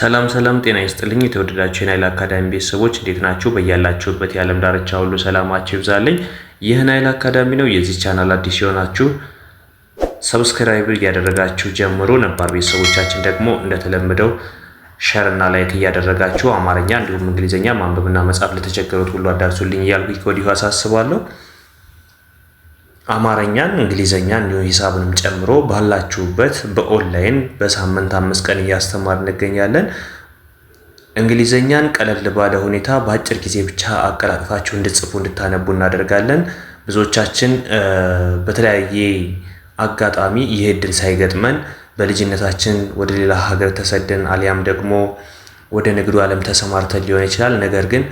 ሰላም ሰላም፣ ጤና ይስጥልኝ የተወደዳችሁ የናይል አካዳሚ ቤተሰቦች እንዴት ናችሁ? በያላችሁበት የዓለም ዳርቻ ሁሉ ሰላማችሁ ይብዛልኝ። ይህ ናይል አካዳሚ ነው። የዚህ ቻናል አዲስ ሲሆናችሁ ሰብስክራይብ እያደረጋችሁ ጀምሮ ነባር ቤተሰቦቻችን ደግሞ እንደተለመደው ሸርና ላይክ እያደረጋችሁ አማርኛ እንዲሁም እንግሊዝኛ ማንበብና መጻፍ ለተቸገሩት ሁሉ አዳርሱልኝ እያልኩ ከወዲሁ አሳስባለሁ። አማርኛን፣ እንግሊዘኛን እንዲሁም ሂሳብንም ጨምሮ ባላችሁበት በኦንላይን በሳምንት አምስት ቀን እያስተማር እንገኛለን። እንግሊዘኛን ቀለል ባለ ሁኔታ በአጭር ጊዜ ብቻ አቀላጥፋችሁ እንድትጽፉ እንድታነቡ እናደርጋለን። ብዙዎቻችን በተለያየ አጋጣሚ ይህ እድል ሳይገጥመን በልጅነታችን ወደ ሌላ ሀገር ተሰደን አሊያም ደግሞ ወደ ንግዱ ዓለም ተሰማርተን ሊሆን ይችላል ነገር ግን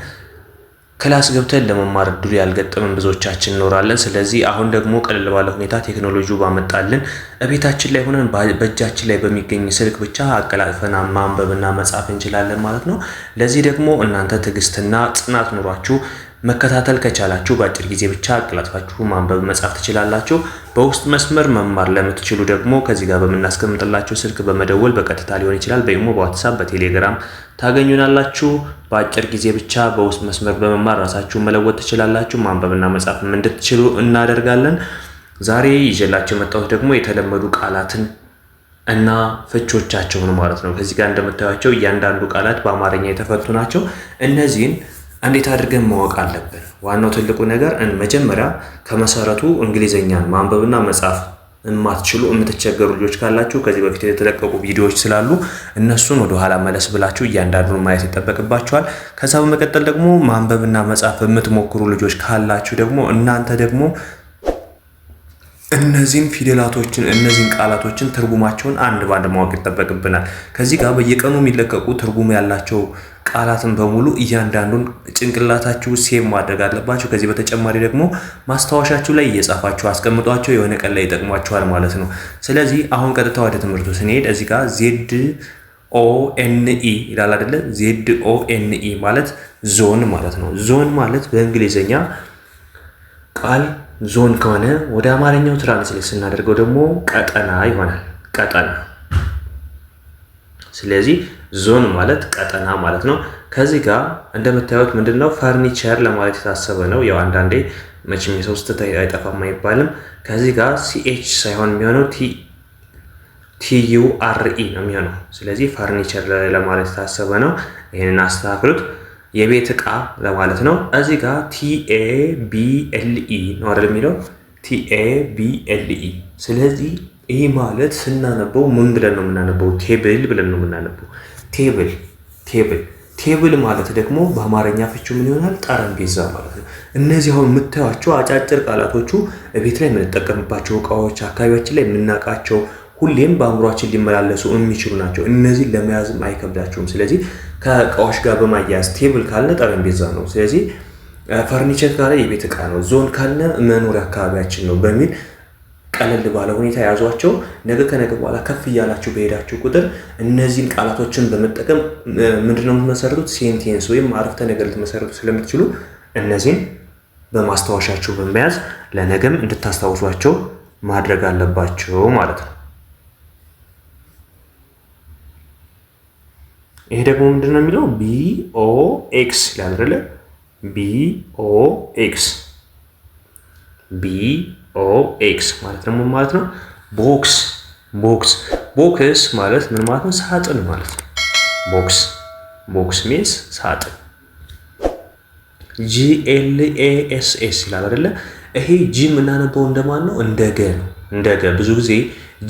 ክላስ ገብተን ለመማር እድሉ ያልገጠመን ብዙዎቻችን እንኖራለን። ስለዚህ አሁን ደግሞ ቀለል ባለ ሁኔታ ቴክኖሎጂ ባመጣልን እቤታችን ላይ ሆነን በእጃችን ላይ በሚገኝ ስልክ ብቻ አቀላጥፈን ማንበብና መጻፍ እንችላለን ማለት ነው። ለዚህ ደግሞ እናንተ ትዕግስትና ጽናት ኑሯችሁ መከታተል ከቻላችሁ በአጭር ጊዜ ብቻ አቀላጥፋችሁ ማንበብ መጻፍ ትችላላችሁ። በውስጥ መስመር መማር ለምትችሉ ደግሞ ከዚህ ጋር በምናስቀምጥላችሁ ስልክ በመደወል በቀጥታ ሊሆን ይችላል። በኢሞ፣ በዋትሳፕ፣ በቴሌግራም ታገኙናላችሁ። በአጭር ጊዜ ብቻ በውስጥ መስመር በመማር ራሳችሁን መለወጥ ትችላላችሁ። ማንበብና መጻፍም እንድትችሉ እናደርጋለን። ዛሬ ይዤላችሁ የመጣሁት ደግሞ የተለመዱ ቃላትን እና ፍቾቻቸውን ማለት ነው። ከዚህ ጋር እንደምታዩቸው እያንዳንዱ ቃላት በአማርኛ የተፈቱ ናቸው። እነዚህን እንዴት አድርገን ማወቅ አለብን? ዋናው ትልቁ ነገር መጀመሪያ ከመሰረቱ እንግሊዝኛን ማንበብና መጻፍ የማትችሉ የምትቸገሩ ልጆች ካላችሁ ከዚህ በፊት የተለቀቁ ቪዲዮዎች ስላሉ እነሱን ወደኋላ መለስ ብላችሁ እያንዳንዱን ማየት ይጠበቅባችኋል። ከዛ በመቀጠል ደግሞ ማንበብና መጻፍ የምትሞክሩ ልጆች ካላችሁ ደግሞ እናንተ ደግሞ እነዚህን ፊደላቶችን እነዚህን ቃላቶችን ትርጉማቸውን አንድ ባንድ ማወቅ ይጠበቅብናል። ከዚህ ጋር በየቀኑ የሚለቀቁ ትርጉም ያላቸው ቃላትን በሙሉ እያንዳንዱን ጭንቅላታችሁ ሴም ማድረግ አለባቸው ከዚህ በተጨማሪ ደግሞ ማስታወሻችሁ ላይ እየጻፋችሁ አስቀምጧቸው፣ የሆነ ቀን ላይ ይጠቅሟችኋል ማለት ነው። ስለዚህ አሁን ቀጥታ ወደ ትምህርቱ ስንሄድ እዚህ ጋር ዜድ ኦኤንኢ ይላል አይደለ? ዜድ ኦኤንኢ ማለት ዞን ማለት ነው። ዞን ማለት በእንግሊዝኛ ቃል ዞን ከሆነ ወደ አማርኛው ትራንስሌት ስናደርገው ደግሞ ቀጠና ይሆናል። ቀጠና። ስለዚህ ዞን ማለት ቀጠና ማለት ነው። ከዚህ ጋር እንደምታዩት ምንድን ነው ፈርኒቸር ለማለት የታሰበ ነው። ያው አንዳንዴ መቼም የሰው ስህተት አይጠፋም አይባልም። ከዚህ ጋር ሲኤች ሳይሆን የሚሆነው ቲዩአርኢ ነው የሚሆነው። ስለዚህ ፈርኒቸር ለማለት የታሰበ ነው። ይህንን አስተካክሉት። የቤት እቃ ለማለት ነው። እዚ ጋር ቲኤቢኤልኢ ነው አይደል የሚለው ቲኤቢኤልኢ። ስለዚህ ይህ ማለት ስናነበው ምን ብለን ነው የምናነበው? ቴብል ብለን ነው የምናነበው። ቴብል ቴብል ቴብል ማለት ደግሞ በአማርኛ ፍቹ ምን ይሆናል? ጠረጴዛ ማለት ነው። እነዚህ አሁን የምታዩቸው አጫጭር ቃላቶቹ ቤት ላይ የምንጠቀምባቸው እቃዎች፣ አካባቢያችን ላይ የምናውቃቸው ሁሌም በአእምሯችን ሊመላለሱ የሚችሉ ናቸው። እነዚህ ለመያዝም አይከብዳቸውም። ስለዚህ ከእቃዎች ጋር በማያያዝ ቴብል ካለ ጠረጴዛ ነው። ስለዚህ ፈርኒቸር ካለ የቤት እቃ ነው። ዞን ካለ መኖሪያ አካባቢያችን ነው በሚል ቀለል ባለ ሁኔታ የያዟቸው። ነገ ከነገ በኋላ ከፍ እያላችሁ በሄዳችሁ ቁጥር እነዚህን ቃላቶችን በመጠቀም ምንድነው የምትመሰርቱት? ሴንቴንስ ወይም አረፍተ ነገር ልትመሰርቱ ስለምትችሉ እነዚህን በማስታወሻቸው በመያዝ ለነገም እንድታስታውሷቸው ማድረግ አለባቸው ማለት ነው። ይሄ ደግሞ ምንድን ነው የሚለው ቢኦ ኤክስ ይላል አይደለ? ቢኦ ኤክስ ቢኦ ኤክስ ማለት ደግሞ ማለት ነው ቦክስ ቦክስ ቦክስ ማለት ምን ማለት ነው? ሳጥን ማለት ነው። ቦክስ ቦክስ ሜንስ ሳጥን። ጂኤልኤኤስኤስ ይላል አይደለ? ይሄ ጂ የምናነበው እንደማን ነው? እንደ ገ ነው። እንደ ገ ብዙ ጊዜ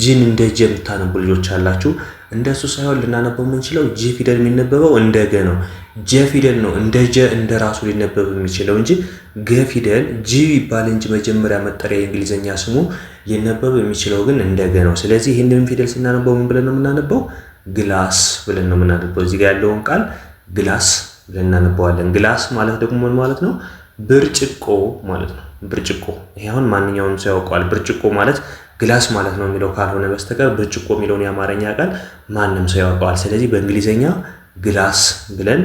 ጂን እንደ ጀ የምታነቡ ልጆች አላችሁ። እንደሱ ሳይሆን ልናነበው የምንችለው ጄ ፊደል የሚነበበው እንደ ገ ነው። ጀ ፊደል ነው እንደ ጀ እንደ ራሱ ሊነበብ የሚችለው እንጂ ገ ፊደል ጂ ይባል እንጂ መጀመሪያ መጠሪያ የእንግሊዝኛ ስሙ ሊነበብ የሚችለው ግን እንደ ገ ነው። ስለዚህ ይህንን ፊደል ስናነበው ምን ብለን ነው የምናነበው? ግላስ ብለን ነው የምናነበው። እዚህ ጋር ያለውን ቃል ግላስ ብለን እናነበዋለን። ግላስ ማለት ደግሞ ምን ማለት ነው? ብርጭቆ ማለት ነው። ብርጭቆ ይሄ አሁን ማንኛውም ሰው ያውቀዋል። ብርጭቆ ማለት ግላስ ማለት ነው የሚለው ካልሆነ በስተቀር ብርጭቆ የሚለውን የአማርኛ ቃል ማንም ሰው ያውቀዋል። ስለዚህ በእንግሊዝኛ ግላስ ብለን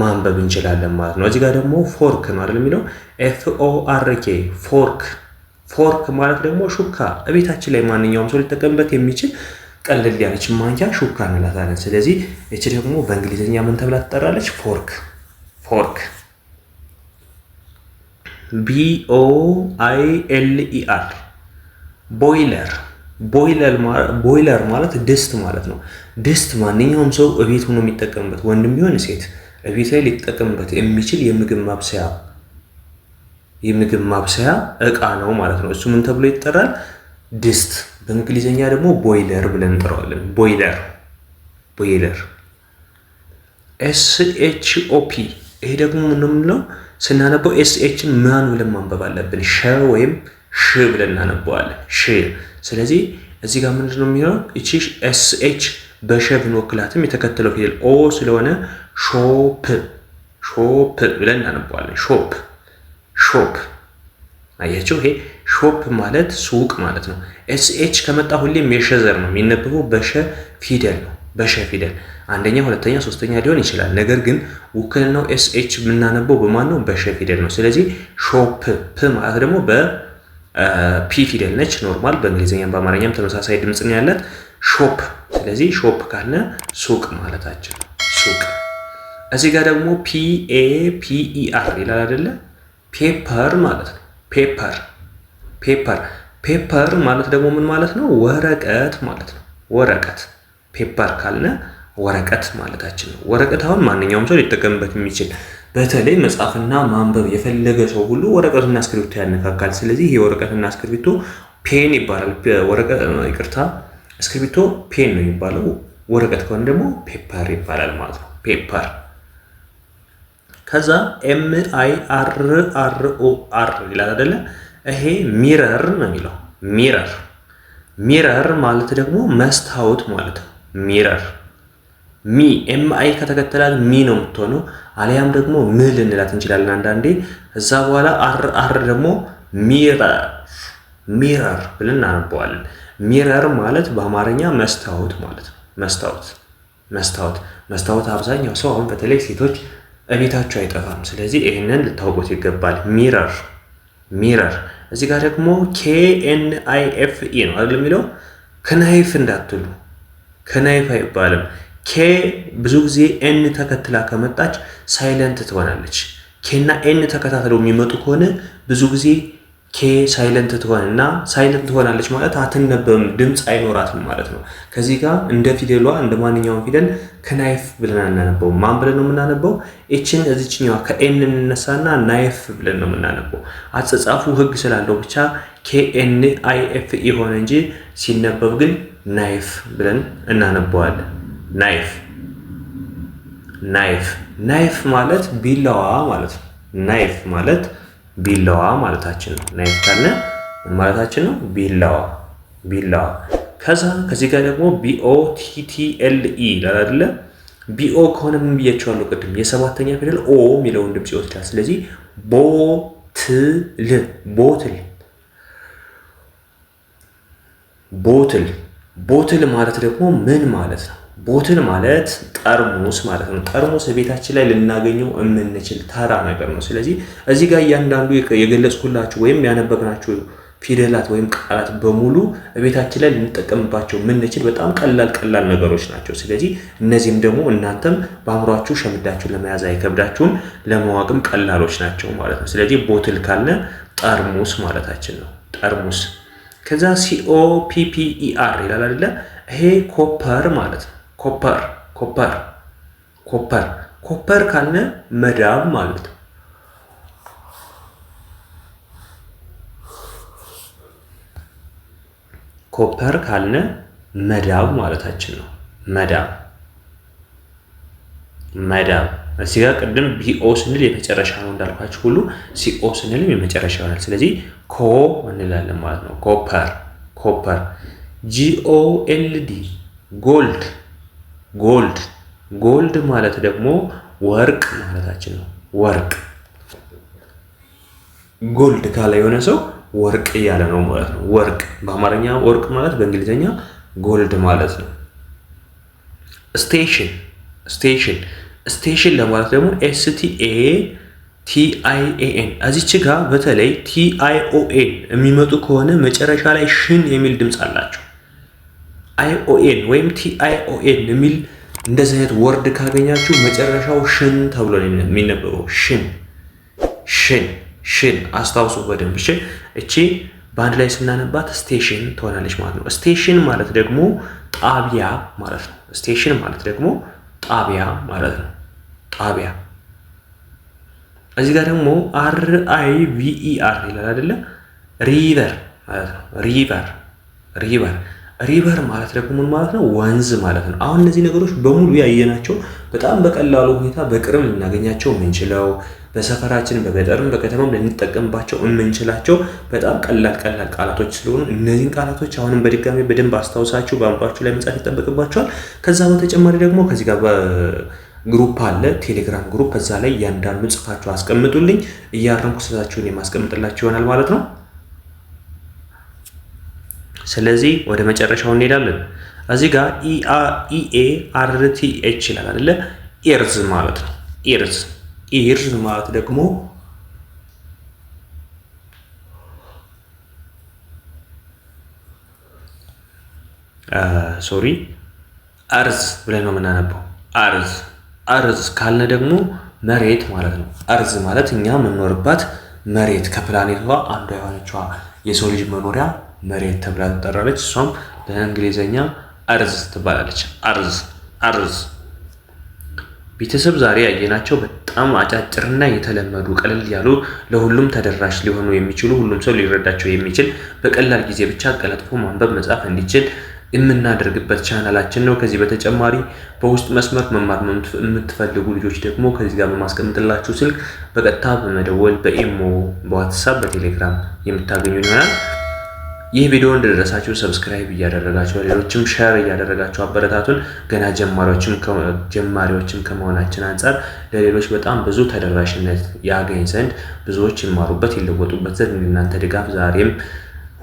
ማንበብ እንችላለን ማለት ነው። እዚህ ጋር ደግሞ ፎርክ ነው አይደል የሚለው ኤፍ ኦ አር ኬ ፎርክ። ፎርክ ማለት ደግሞ ሹካ፣ እቤታችን ላይ ማንኛውም ሰው ሊጠቀምበት የሚችል ቀልል ያለች ማንኪያ ሹካ እንላታለን። ስለዚህ እቺ ደግሞ በእንግሊዝኛ ምን ተብላ ትጠራለች? ፎርክ ፎርክ ቢ ኦ አይ ኤል ኢ አር ቦይለር ቦይለር ማለት ድስት ማለት ነው። ድስት ማንኛውም ሰው እቤት ሆኖ የሚጠቀምበት ወንድም ቢሆን ሴት እቤት ላይ ሊጠቀምበት የሚችል የምግብ ማብሰያ የምግብ ማብሰያ እቃ ነው ማለት ነው። እሱ ምን ተብሎ ይጠራል? ድስት በእንግሊዝኛ ደግሞ ቦይለር ብለን እንጠራዋለን። ቦይለር ቦይለር ኤስ ኤች ኦ ፒ ይሄ ደግሞ ምንምለው ስናነበው ኤስ ኤችን ማን ብለን ማንበብ አለብን ሸ ወይም ሽ ብለን እናነበዋለን። ሽ ስለዚህ እዚህ ጋር ምንድን ነው የሚሆነው? እቺ ኤስ በሸ ብንወክላትም የተከተለው ፊደል ኦ ስለሆነ ሾፕ ሾፕ ብለን እናነበዋለን። ሾፕ ሾፕ። አያቸው ይሄ ሾፕ ማለት ሱቅ ማለት ነው። ኤስኤች ከመጣ ሁሌም የሸ ዘር ነው የሚነበበው፣ በሸ ፊደል ነው። በሸ ፊደል አንደኛ፣ ሁለተኛ፣ ሶስተኛ ሊሆን ይችላል። ነገር ግን ውክልናው ኤስኤች የምናነበው በማን ነው? በሸ ፊደል ነው። ስለዚህ ሾፕ ፕ ማለት ደግሞ በ ፒ ፊደል ነች። ኖርማል በእንግሊዝኛም በአማርኛም ተመሳሳይ ድምፅ ነው ያላት። ሾፕ ስለዚህ ሾፕ ካለ ሱቅ ማለታችን ሱቅ። እዚህ ጋር ደግሞ ፒ ኤ ፒ ኢ አር ይላል አይደለ? ፔፐር ማለት ነው። ፔፐር ፔፐር ፔፐር ማለት ደግሞ ምን ማለት ነው? ወረቀት ማለት ነው። ወረቀት ፔፐር ካልነ ወረቀት ማለታችን ነው። ወረቀት አሁን ማንኛውም ሰው ሊጠቀምበት የሚችል በተለይ መጻፍና ማንበብ የፈለገ ሰው ሁሉ ወረቀትና እስክሪብቶ ያነካካል። ስለዚህ ይህ ወረቀትና እስክሪብቶ ፔን ይባላል። ይቅርታ፣ እስክሪብቶ ፔን ነው የሚባለው። ወረቀት ከሆነ ደግሞ ፔፐር ይባላል ማለት ነው። ፔፐር ከዛ ኤም አይ አር አር ኦ አር ይላል አይደለ? ይሄ ሚረር ነው የሚለው ሚረር። ሚረር ማለት ደግሞ መስታወት ማለት ነው። ሚረር ሚ ኤም አይ ከተከተላት ሚ ነው የምትሆነው። አሊያም ደግሞ ም ልንላት እንችላለን አንዳንዴ። እዛ በኋላ አር አር ደግሞ ሚረር ሚረር ብለን እናነበዋለን። ሚረር ማለት በአማርኛ መስታወት ማለት ነው። መስታወት መስታወት መስታወት አብዛኛው ሰው አሁን በተለይ ሴቶች እቤታቸው አይጠፋም። ስለዚህ ይህንን ልታውቁት ይገባል። ሚረር ሚረር። እዚህ ጋር ደግሞ ኬ ኤን አይ ኤፍ ኢ ነው አይደል የሚለው። ከናይፍ እንዳትሉ ከናይፍ አይባልም። ኬ ብዙ ጊዜ ኤን ተከትላ ከመጣች ሳይለንት ትሆናለች። ኬ እና ኤን ተከታትለው የሚመጡ ከሆነ ብዙ ጊዜ ኬ ሳይለንት ትሆንና ሳይለንት ትሆናለች ማለት አትነበብም፣ ድምፅ አይኖራትም ማለት ነው። ከዚህ ጋር እንደ ፊደሏ እንደ ማንኛውም ፊደል ከናይፍ ብለን አናነበው። ማን ብለን ነው የምናነበው? ኤችን እዚችኛዋ ከኤን እንነሳና ናይፍ ብለን ነው የምናነበው። አጸጻፉ ህግ ስላለው ብቻ ኬኤን አይኤፍ የሆነ እንጂ ሲነበብ ግን ናይፍ ብለን እናነበዋለን። ናይፍ ናይፍ ናይፍ ማለት ቢላዋ ማለት ነው። ናይፍ ማለት ቢላዋ ማለታችን ነው። ናይፍ ካለ ማለታችን ነው። ቢላዋ ቢላዋ። ከዛ ከዚህ ጋር ደግሞ ቢኦ ቲቲኤልኢ ላል አይደለ? ቢኦ ከሆነ ምን ብያቸዋለሁ ቅድም የሰባተኛ ፊደል ኦ የሚለውን ድምፅ ይወስዳል። ስለዚህ ቦትል ቦትል ቦትል ቦትል ማለት ደግሞ ምን ማለት ነው? ቦትል ማለት ጠርሙስ ማለት ነው። ጠርሙስ ቤታችን ላይ ልናገኘው የምንችል ተራ ነገር ነው። ስለዚህ እዚህ ጋር እያንዳንዱ የገለጽኩላችሁ ወይም ያነበብናችሁ ፊደላት ወይም ቃላት በሙሉ ቤታችን ላይ ልንጠቀምባቸው የምንችል በጣም ቀላል ቀላል ነገሮች ናቸው። ስለዚህ እነዚህም ደግሞ እናንተም በአእምሯችሁ ሸምዳችሁ ለመያዝ አይከብዳችሁም፣ ለማዋቅም ቀላሎች ናቸው ማለት ነው። ስለዚህ ቦትል ካለ ጠርሙስ ማለታችን ነው። ጠርሙስ ከዛ ሲኦፒፒኢአር ይላል አይደለ? ይሄ ኮፐር ማለት ነው። ኮፐር ኮፐር ኮፐር ኮፐር ካልነ መዳብ ማለት ነው። ኮፐር ካልነ መዳብ ማለታችን ነው። መዳብ መዳብ እዚህ ጋር ቅድም ቢኦ ስንል የመጨረሻ ነው እንዳልኳችሁ ሁሉ ሲኦ ስንልም የመጨረሻ ይሆናል። ስለዚህ ኮ እንላለን ማለት ነው። ኮፐር ኮፐር ጂኦኤልዲ ጎልድ ጎልድ ጎልድ ማለት ደግሞ ወርቅ ማለታችን ነው። ወርቅ ጎልድ ካለ የሆነ ሰው ወርቅ እያለ ነው ማለት ነው። ወርቅ በአማርኛ ወርቅ ማለት በእንግሊዝኛ ጎልድ ማለት ነው። ስቴሽን ስቴሽን ስቴሽን ለማለት ደግሞ ኤስቲኤ ቲአይኤኤን እዚች ጋር በተለይ ቲአይኦኤን የሚመጡ ከሆነ መጨረሻ ላይ ሽን የሚል ድምፅ አላቸው። ኦኤን ወይም ቲአይኦኤን የሚል እንደዚህ አይነት ወርድ ካገኛችሁ መጨረሻው ሽን ተብሎ የሚነበበው ሽን ሽን ሽን አስታውሱ በደንብ እሺ። እቺ በአንድ ላይ ስናነባት ስቴሽን ትሆናለች ማለት ነው። ስቴሽን ማለት ደግሞ ጣቢያ ማለት ነው። ስቴሽን ማለት ደግሞ ጣቢያ ማለት ነው። ጣቢያ እዚህ ጋር ደግሞ አር አይ አር ይላል አይደለ? ሪቨር ማለት ነው። ሪቨር ሪቨር ሪቨር ማለት ደግሞ ምን ማለት ነው? ወንዝ ማለት ነው። አሁን እነዚህ ነገሮች በሙሉ ያየናቸው በጣም በቀላሉ ሁኔታ በቅርብ ልናገኛቸው የምንችለው በሰፈራችን በገጠርም በከተማም ልንጠቀምባቸው የምንችላቸው በጣም ቀላል ቀላል ቃላቶች ስለሆኑ እነዚህን ቃላቶች አሁንም በድጋሚ በደንብ አስታውሳችሁ በአእምሯችሁ ላይ መጻፍ ይጠበቅባቸዋል። ከዛ በተጨማሪ ደግሞ ከዚህ ጋር ግሩፕ አለ፣ ቴሌግራም ግሩፕ። እዛ ላይ እያንዳንዱ ጽፋችሁ አስቀምጡልኝ። እያረምኩ ስሳችሁን የማስቀምጥላችሁ ይሆናል ማለት ነው። ስለዚህ ወደ መጨረሻው እንሄዳለን። እዚህ ጋር ኢኤ e አርቲኤች e ይላል አይደለ? ኢርዝ ማለት ነው። ኢርዝ ኢርዝ ማለት ደግሞ ሶሪ አርዝ ብለን ነው የምናነበው። አርዝ አርዝ ካልነ ደግሞ መሬት ማለት ነው። አርዝ ማለት እኛ የምንኖርባት መሬት ከፕላኔቷ አንዷ የሆነችዋ የሰው ልጅ መኖሪያ መሬት ተብላ ትጠራለች። እሷም በእንግሊዝኛ አርዝ ትባላለች። አርዝ አርዝ። ቤተሰብ ዛሬ ያየናቸው በጣም አጫጭርና የተለመዱ ቀለል ያሉ ለሁሉም ተደራሽ ሊሆኑ የሚችሉ ሁሉም ሰው ሊረዳቸው የሚችል በቀላል ጊዜ ብቻ አቀላጥፎ ማንበብ መጻፍ እንዲችል የምናደርግበት ቻናላችን ነው። ከዚህ በተጨማሪ በውስጥ መስመር መማር የምትፈልጉ ልጆች ደግሞ ከዚህ ጋር በማስቀምጥላችሁ ስልክ በቀጥታ በመደወል በኢሞ፣ በዋትሳፕ፣ በቴሌግራም የምታገኙ ይሆናል። ይህ ቪዲዮ እንደደረሳችሁ ሰብስክራይብ እያደረጋችሁ ሌሎችም ሸር እያደረጋችሁ አበረታቱን። ገና ጀማሪዎችም ከመሆናችን አንጻር ለሌሎች በጣም ብዙ ተደራሽነት ያገኝ ዘንድ ብዙዎች ይማሩበት ይለወጡበት ዘንድ እናንተ ድጋፍ ዛሬም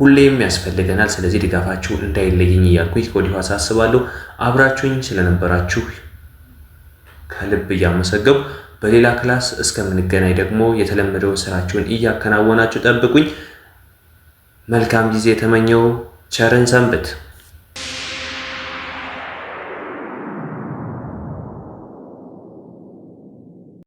ሁሌም ያስፈልገናል። ስለዚህ ድጋፋችሁ እንዳይለየኝ እያልኩኝ ከወዲሁ አሳስባለሁ። አብራችሁኝ ስለነበራችሁ ከልብ እያመሰገቡ በሌላ ክላስ እስከምንገናኝ ደግሞ የተለመደውን ስራችሁን እያከናወናችሁ ጠብቁኝ። መልካም ጊዜ የተመኘው ቸርን ሰንብት።